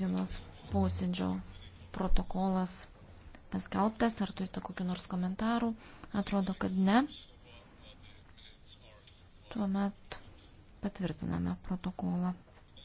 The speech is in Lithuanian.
dienos posėdžio protokolas paskelbtas. Ar turite kokiu nors komentarų? Atrodo, kad ne. Tuomet patvirtiname protokolą.